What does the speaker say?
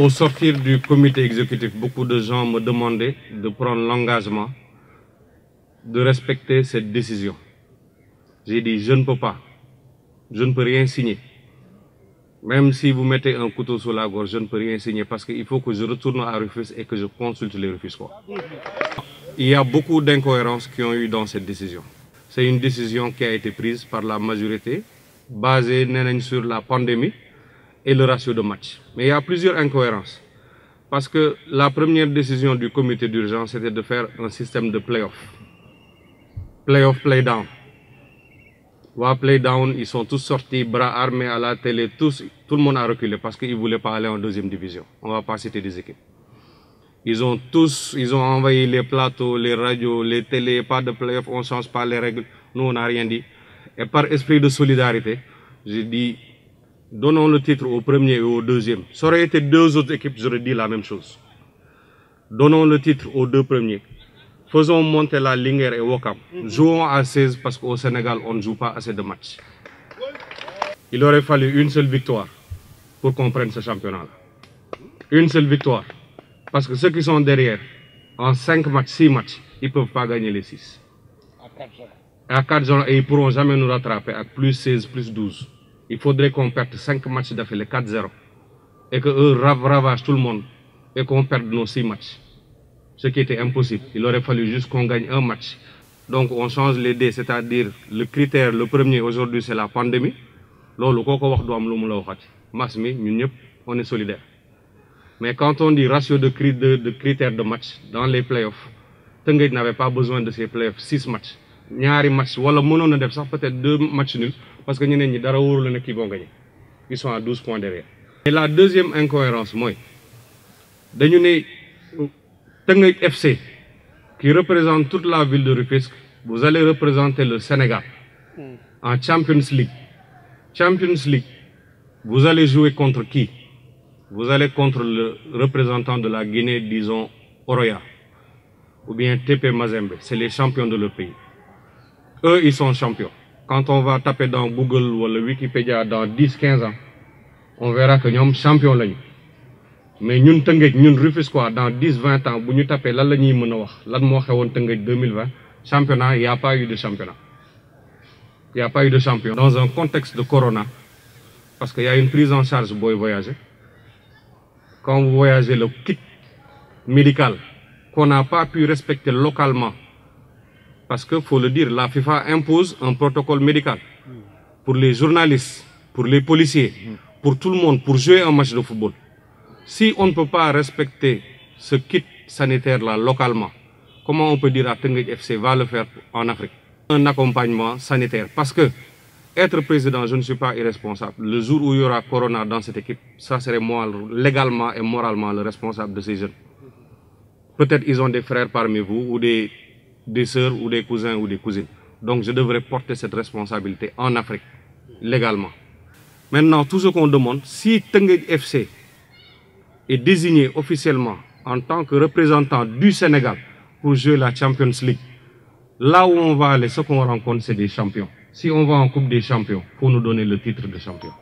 Au sortir du comité exécutif, beaucoup de gens me demandaient de prendre l'engagement de respecter cette décision. J'ai dit, je ne peux pas, je ne peux rien signer. Même si vous mettez un couteau sur la gorge, je ne peux rien signer parce qu'il faut que je retourne à Rufus et que je consulte les Quoi. Il y a beaucoup d'incohérences qui ont eu dans cette décision. C'est une décision qui a été prise par la majorité, basée sur la pandémie, et le ratio de match. Mais il y a plusieurs incohérences. Parce que la première décision du comité d'urgence, c'était de faire un système de play-off. Play-off, play-down. Wa play-down, ils sont tous sortis, bras armés à la télé, tous, tout le monde a reculé parce qu'ils ne voulaient pas aller en deuxième division. On ne va pas citer des équipes. Ils ont tous, ils ont envoyé les plateaux, les radios, les télés, pas de play-off, on ne change pas les règles. Nous, on n'a rien dit. Et par esprit de solidarité, j'ai dit Donnons le titre au premier et au deuxième. Ça aurait été deux autres équipes, j'aurais dit la même chose. Donnons le titre aux deux premiers. Faisons monter la Linger et Wakam. Jouons à 16 parce qu'au Sénégal, on ne joue pas assez de matchs. Il aurait fallu une seule victoire pour qu'on prenne ce championnat-là. Une seule victoire. Parce que ceux qui sont derrière, en 5 matchs, 6 matchs, ils ne peuvent pas gagner les 6. À 4 jours. et ils ne pourront jamais nous rattraper à plus 16, plus 12 il faudrait qu'on perde 5 matchs d'affilée 4-0 et que eux ravagent tout le monde et qu'on perde nos 6 matchs. Ce qui était impossible. Il aurait fallu juste qu'on gagne un match. Donc on change les dés, c'est-à-dire le critère, le premier aujourd'hui c'est la pandémie. le wax do on est solidaire. Mais quand on dit ratio de, critères de match dans les playoffs, Tengue n'avait pas besoin de ces playoffs, 6 matchs ñaari match wala peut-être deux matchs nuls parce que dara vont gagner ils sont à points derrière. et la deuxième incohérence mooy dañu FC qui représente toute la ville de Rufisque vous allez représenter le Sénégal en Champions League Champions League vous allez jouer contre qui vous allez contre le représentant de la Guinée disons Oroya ou bien TP Mazembe c'est les champions de leur pays eux, ils sont champions. Quand on va taper dans Google ou le Wikipédia dans 10-15 ans, on verra que nous sommes champions. Mais nous, Tenguek, nous, pas. dans 10-20 ans, si nous tapons là, nous nous sommes en 2020, championnat, il n'y a pas eu de championnat. Il n'y a pas eu de champion. Dans un contexte de corona, parce qu'il y a une prise en charge pour voyager, quand vous voyagez, le kit médical qu'on n'a pas pu respecter localement parce que, faut le dire, la FIFA impose un protocole médical pour les journalistes, pour les policiers, pour tout le monde, pour jouer un match de football. Si on ne peut pas respecter ce kit sanitaire-là localement, comment on peut dire à Tengue FC va le faire en Afrique Un accompagnement sanitaire. Parce que être président, je ne suis pas irresponsable. Le jour où il y aura Corona dans cette équipe, ça serait moi légalement et moralement le responsable de ces jeunes. Peut-être ils ont des frères parmi vous ou des des sœurs ou des cousins ou des cousines. Donc je devrais porter cette responsabilité en Afrique, légalement. Maintenant, tout ce qu'on demande, si Tengue FC est désigné officiellement en tant que représentant du Sénégal pour jouer la Champions League, là où on va aller, ce qu'on rencontre, c'est des champions. Si on va en Coupe des Champions, pour nous donner le titre de champion.